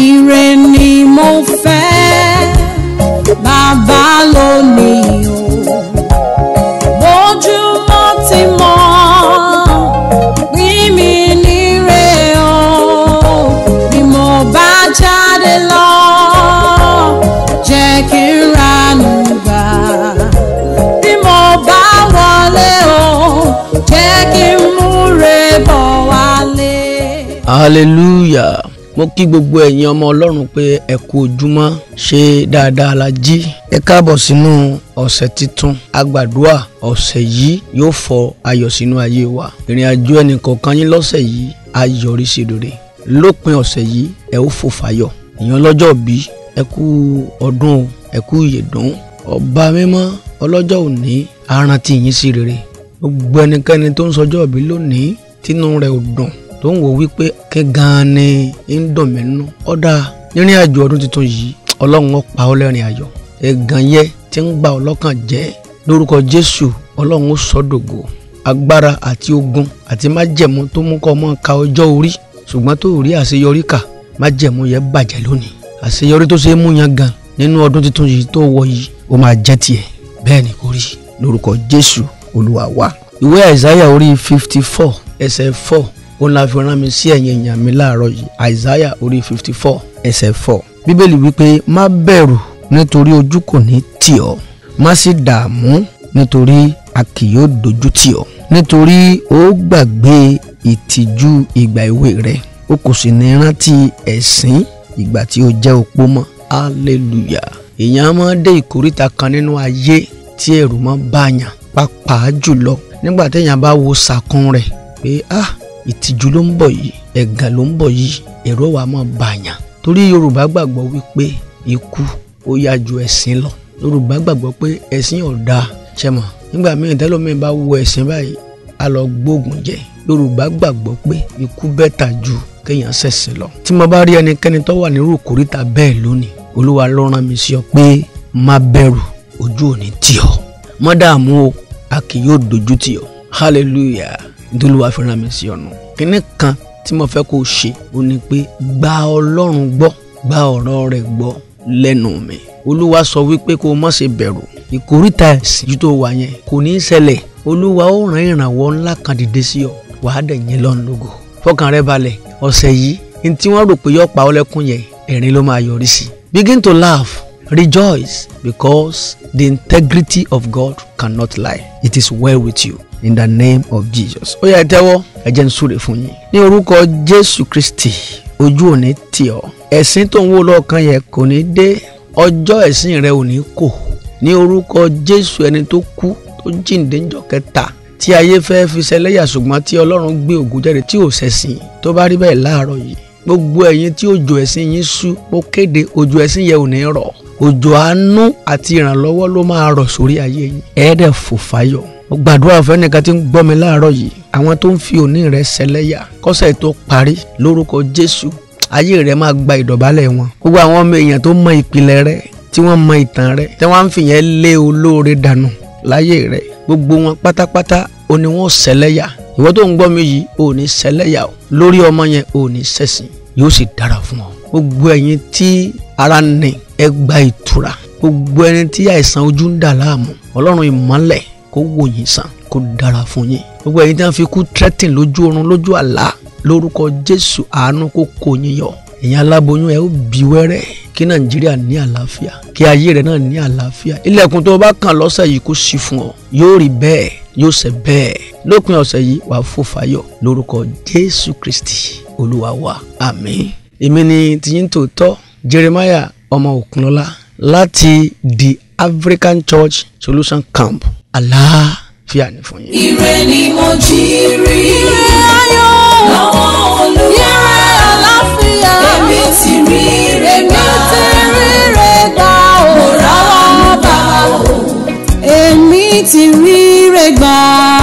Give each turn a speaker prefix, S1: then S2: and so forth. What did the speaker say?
S1: ire ni mo fẹ́ bàbá lónìí o bójúmọ́ ti mọ́ pín mi níre o bí mo bá jáde lọ jẹ́ kí n ranú gbà bí mo bá wọlé o jẹ́ kí n múre bọ̀ wálé.
S2: hallelujah mo kí gbogbo ẹ̀yin ọmọ ọlọ́run pé ẹ kú ojúmọ́ ṣe dáadáa la jí ẹ káàbọ̀ sínú ọ̀sẹ̀ tuntun agbàdúà ọ̀sẹ̀ yìí yóò fọ ayọ̀ sínú ayé wa ìrìn àjò ẹnìkọ̀ọ̀kan yín lọ́sẹ̀ yìí ayọ̀rí sí rere lópin ọ̀sẹ̀ yìí ẹ ó fò fàyọ̀ èèyàn lọ́jọ́ bí ẹ kú ọdún ẹ kú ìyèdún ọba mímọ́ ọlọ́jọ́ òní arántí yín sí rere gbogbo ẹnikẹ́ni tó ń sọjọ́ bí tó ń wo wípé kí gan-an ni ń dùn mí nú ọ̀dà nírìn àjò ọdún tuntun yìí ọlọ́run ó pa ọ́ lẹ́rìn ayọ̀ ẹ̀gàn yẹ tí ń gba ọlọ́kàn jẹ́ lórúkọ jésù ọlọ́run ó sọ dògo agbára àti ogun àti májẹ̀mú tó mú kọ́ ọmọ ka ọjọ́ orí ṣùgbọ́n tó rí àṣeyọrí kà májẹ̀mú yẹn bàjẹ́ lónìí àṣeyọrí tó ṣe é mú yan gan nínú ọdún tuntun yìí tó wọ yìí ó máa jẹ́ tiẹ̀ bẹ́ẹ̀ ni kò rí lórúkọ jésù olúwa ìwé àìsáyà orí fifty four ẹsẹ̀ four òun la fi rán mi sí ẹ̀yin èèyàn mi láàárọ̀ yìí Isaiah orí fifty four ẹsẹ̀ four bíbélì wípé má bẹ̀rù nítorí ojú kò ní tì ọ́ má sì dààmú nítorí a kì yóò dojú tì ọ́ nítorí ó gbàgbé ìtìjú ìgbà èwe rẹ o kò sì ní rántí ẹ̀sín ìgbà tí o jẹ́ opó mọ́ hallelujah èèyàn á máa dé ìkóríta kan nínú ayé tí ẹ̀rù máa bàyàn pàápàá jùlọ nígbà téèyàn bá wo sàkún rẹ̀ pé ah ìtìjú ló ń bọ̀ yìí ẹ̀gàn ló ń bọ̀ yìí ẹ̀rọ wa máa bàyàn torí yorùbá gbàgbọ́ wípé ikú ó yá ju ẹ̀sìn lọ yorùbá gbàgbọ́ pé ẹ̀sìn ò dáa ṣe mọ̀ nígbà míì tẹ́lómìn bá wo ẹ̀sìn báyìí a lọ gbóògùn jẹ yorùbá gbàgbọ́ pé ikú bẹ́tà ju kéèyàn ṣẹ̀sìn lọ tí mo bá rí ẹnikẹ́ni tó wà nírú kòríta bẹ́ẹ̀ lónìí olúwa ló rán mi sí ọ pé má bẹ̀rù ojú ò tì ọ́ má o a kì yóò dojú tì ọ́ hallelujah dolúwa fi rán mi sí ọ̀nà kínní kan tí mo fẹ́ kó o ṣe ó ní pé gba ọlọ́run gbọ́ gba ọ̀rọ̀ rẹ̀ gbọ́ lẹ́nu mi olúwa sọ wípé kó o má ṣe bẹ̀rù ìkóríta ìsìnjú tó wà yẹn kò ní í ṣẹlẹ̀ olúwa ó ràn ìrànwọ́ ńlá kan dìde sí ọ wàá dẹ̀ yín lọ́n lógo fọkàn rẹ balẹ̀ ọ̀sẹ̀ yìí ní tí wọ́n rò pé yọ pa ọ́ lẹ́kún yẹn ẹ̀rín ló máa yọrí sí begin to laugh rejoice because the integrity of God cannot lie it is well with you in the name of jesus ó yẹ tẹ́wọ́ ẹ jẹ́ n súre fún yín ní orúkọ jésù kristi ojú ò ní tì ọ́ ẹ̀sìn tó ń wò lọ́ọ̀kan yẹn kò ní dé ọjọ́ ẹ̀sìn rẹ ò ní kò ní orúkọ jésù ẹni tó kú tó jíǹde ńjọ́ kẹta tí ayé fẹ́ fi ṣẹlẹ́yà ṣùgbọ́n tí ọlọ́run gbé ògùn jáde tí ò ṣẹ̀sìn tó bá rí bẹ́ẹ̀ láàárọ̀ yìí gbogbo ẹ̀yin tí òjò ẹ̀sìn yín ṣú mo kéde òjò ẹ̀sìn yẹn ò ní rọ̀ òjò àánú àti ìrànlọ́wọ́ ló máa rọ̀ sórí ayé yín ẹ̀ẹ́dẹ̀ fò fáyọ̀ gbàdúrà fẹ́nìkan tí ń gbọ́ mi láàárọ̀ yìí àwọn tó ń fi òní rẹ ṣẹlẹ́yà kọ́sẹ̀ tó parí lórúkọ Jésù ayé rẹ máa gba ìdọ̀bálẹ̀ wọn gbogbo àwọn ọmọ èèyàn tó mọ ìpìlẹ̀ rẹ tí wọ́n mọ ìtàn rẹ tí wọ́n á ń fìyẹn lé olóore dànù láyé rẹ gbogbo wọn pátápátá òní wọn ṣẹlẹ́yà ìwọ tó ń gbọ́ mi yìí òní ṣẹlẹ́yà o lórí ọmọ yẹn òní ṣẹ̀sìn yóò sì dára fún ọ gbogbo ẹ̀yin tí ara nì ẹ gba ìtura gbogbo ẹni tí àìsàn ojú ń dà láàmú ọlọ́run ìmọ́lẹ̀ kó wò yín sàn kó dára fún yín gbogbo ẹ̀yin tí wọ́n fi kú tírẹ́tìn lójú oorun lójú àlá lórúkọ Jésù àánú kó kó yín yọ ẹ̀yin aláboyún ẹ ó bí wẹ́rẹ́ kí Nàìjíríà ní àlàáfíà kí ayé rẹ náà ní àlàáfíà ilẹ̀kùn tó o bá kàn lọ́sẹ̀ yìí kó ṣí fún ọ yóò rí bẹ́ẹ̀ yóò ṣe bẹ́ẹ̀ lópin ọ̀sẹ̀ yìí wàá fò fáyọ̀ lórúkọ Jésù Kristi Olúwa wa àmín èmi ni tiyín tòótọ́ Jeremiah ọmọ Òkunlọ́lá láti the African Church Solution Camp àlàáfíà ni fún yín.
S1: ire ni mo jí rí ire ayọ̀ lọ́wọ́ olúwa ire àlàáfíà èmi ti rí rẹ̀ gbà èmi ti rí rẹ̀ gbà ó rà wá bá o èmi ti rí rẹ̀ gbà.